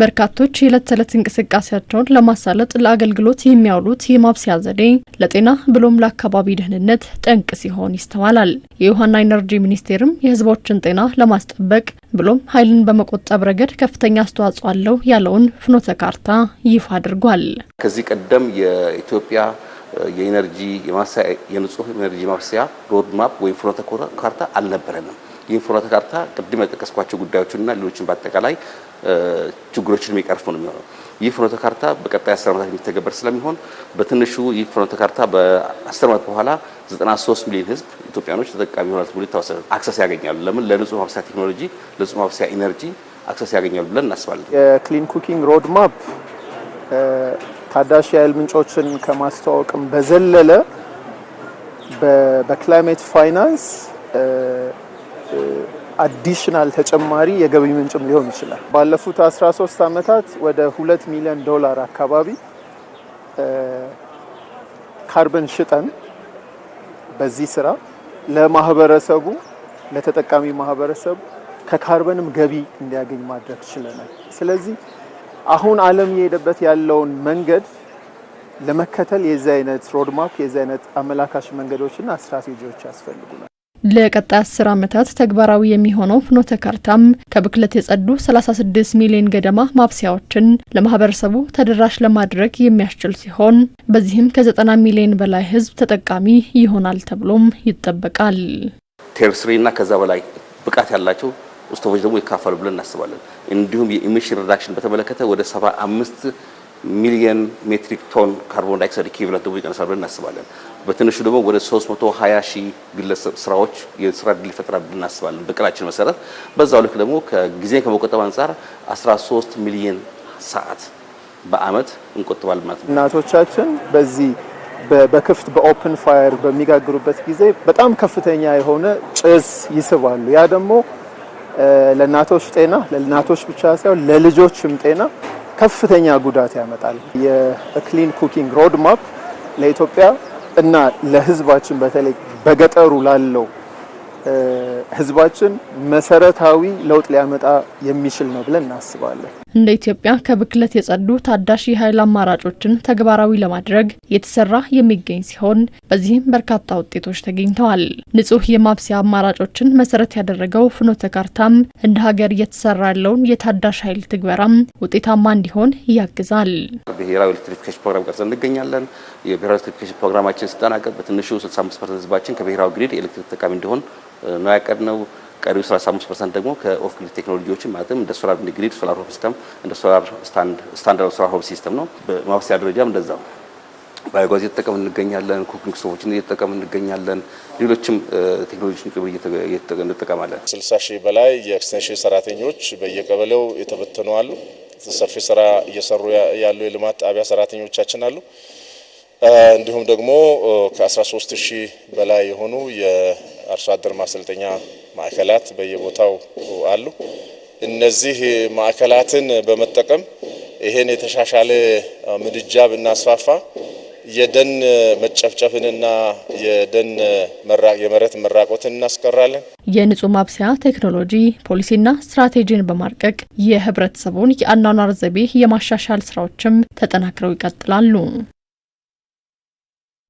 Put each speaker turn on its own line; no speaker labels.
በርካቶች የዕለት ተዕለት እንቅስቃሴያቸውን ለማሳለጥ ለአገልግሎት የሚያውሉት የማብሰያ ዘዴ ለጤና ብሎም ለአካባቢ ደህንነት ጠንቅ ሲሆን ይስተዋላል። የውሃና ኢነርጂ ሚኒስቴርም የሕዝቦችን ጤና ለማስጠበቅ ብሎም ኃይልን በመቆጠብ ረገድ ከፍተኛ አስተዋጽኦ አለው ያለውን ፍኖተ ካርታ ይፋ አድርጓል።
ከዚህ ቀደም የኢትዮጵያ የኢነርጂ የንጹህ ኢነርጂ ማብሰያ ሮድማፕ ወይም ፍኖተ ካርታ አልነበረንም። ይህ ፍኖተ ካርታ ቅድም የጠቀስኳቸው ጉዳዮችንና ሌሎችን በአጠቃላይ ችግሮችን የሚቀርፉ ነው የሚሆነው። ይህ ፍኖተ ካርታ በቀጣይ አስር ዓመታት የሚተገበር ስለሚሆን በትንሹ ይህ ፍኖተ ካርታ በአስር ዓመት በኋላ 93 ሚሊዮን ህዝብ ኢትዮጵያኖች ተጠቃሚ ይሆናል ብሎ ይታወሳል። አክሰስ ያገኛሉ። ለምን ለንጹህ ማብሰያ ቴክኖሎጂ፣ ለንጹህ ማብሰያ ኢነርጂ አክሰስ ያገኛሉ ብለን እናስባለን።
የክሊን ኩኪንግ ሮድማፕ ታዳሽ የኃይል ምንጮችን ከማስተዋወቅም በዘለለ በክላይሜት ፋይናንስ አዲሽናል ተጨማሪ የገቢ ምንጭም ሊሆን ይችላል። ባለፉት 13 ዓመታት ወደ 2 ሚሊዮን ዶላር አካባቢ ካርበን ሽጠን በዚህ ስራ ለማህበረሰቡ ለተጠቃሚ ማህበረሰቡ ከካርበንም ገቢ እንዲያገኝ ማድረግ ችለናል። ስለዚህ አሁን ዓለም የሄደበት ያለውን መንገድ ለመከተል የዚህ አይነት ሮድማፕ የዚህ አይነት አመላካሽ መንገዶችና ስትራቴጂዎች ያስፈልጉናል።
ለቀጣይ አስር ዓመታት ተግባራዊ የሚሆነው ፍኖተ ካርታም ከብክለት የጸዱ 36 ሚሊዮን ገደማ ማብሰያዎችን ለማህበረሰቡ ተደራሽ ለማድረግ የሚያስችል ሲሆን በዚህም ከ90 ሚሊዮን በላይ ህዝብ ተጠቃሚ ይሆናል ተብሎም ይጠበቃል።
ቴርስሪ እና ከዛ በላይ ብቃት ያላቸው ስቶቮች ደግሞ ይካፈሉ ብለን እናስባለን። እንዲሁም የኢሚሽን ሪዳክሽን በተመለከተ ወደ 75 ሚሊየን ሜትሪክ ቶን ካርቦን ዳይኦክሳይድ ኢኩቪለንት ደግሞ ይቀንሳል ብለን እናስባለን። በትንሹ ደግሞ ወደ 320 ሺህ ግለሰብ ስራዎች የስራ እድል ይፈጥራል ብለን እናስባለን በቅላችን መሰረት። በዛው ልክ ደግሞ ከጊዜ ከመቆጠብ አንጻር 13 ሚሊየን ሰዓት በአመት እንቆጥባል ማለት
ነው። እናቶቻችን በዚህ በክፍት በኦፕን ፋየር በሚጋግሩበት ጊዜ በጣም ከፍተኛ የሆነ ጭስ ይስባሉ። ያ ደግሞ ለእናቶች ጤና ለእናቶች ብቻ ሳይሆን ለልጆችም ጤና ከፍተኛ ጉዳት ያመጣል። የክሊን ኩኪንግ ሮድማፕ ለኢትዮጵያ እና ለህዝባችን በተለይ በገጠሩ ላለው ህዝባችን መሰረታዊ ለውጥ ሊያመጣ የሚችል ነው ብለን እናስባለን።
እንደ ኢትዮጵያ ከብክለት የጸዱ ታዳሽ የኃይል አማራጮችን ተግባራዊ ለማድረግ እየተሰራ የሚገኝ ሲሆን በዚህም በርካታ ውጤቶች ተገኝተዋል። ንጹህ የማብሰያ አማራጮችን መሰረት ያደረገው ፍኖተ ካርታም እንደ ሀገር እየተሰራ ያለውን የታዳሽ ኃይል ትግበራም ውጤታማ እንዲሆን ያግዛል።
ብሔራዊ ኤሌክትሪፊኬሽን ፕሮግራም ቀርጸን እንገኛለን። የብሔራዊ ኤሌክትሪፊኬሽን ፕሮግራማችን ስጠናቀቅ በትንሹ 65 ፐርሰንት ህዝባችን ከብሔራዊ ግሪድ ኤሌክትሪክ ተጠቃሚ እንዲሆን ነው ያቀድነው። ቀሪው 35 ፐርሰንት ደግሞ ከኦፍ ግሪድ ቴክኖሎጂዎችን ማለትም እንደ ሶላር ግሪድ፣ ሶላር ሆም ሲስተም፣ እንደ ሶላር ስታንዳርድ ሶላር ሆም ሲስተም ነው። በማብሰያ ደረጃም እንደዛው ባዮጋዝ እየተጠቀምን እንገኛለን። ኩኪንግ ስቶቮችን እየተጠቀምን እንገኛለን። ሌሎችም ቴክኖሎጂዎችን ጭምር እንጠቀማለን።
60 ሺህ በላይ የኤክስቴንሽን ሰራተኞች በየቀበሌው የተበተኑ አሉ። ሰፊ ስራ እየሰሩ ያሉ የልማት ጣቢያ ሰራተኞቻችን አሉ። እንዲሁም ደግሞ ከ13 ሺህ በላይ የሆኑ የአርሶ አደር ማሰልጠኛ ማዕከላት በየቦታው አሉ። እነዚህ ማዕከላትን በመጠቀም ይሄን የተሻሻለ ምድጃ ብናስፋፋ የደን መጨፍጨፍንና የደን የመሬት መራቆትን እናስቀራለን።
የንጹህ ማብሰያ ቴክኖሎጂ ፖሊሲና ስትራቴጂን በማርቀቅ የህብረተሰቡን የአኗኗር ዘይቤ የማሻሻል ስራዎችም ተጠናክረው ይቀጥላሉ።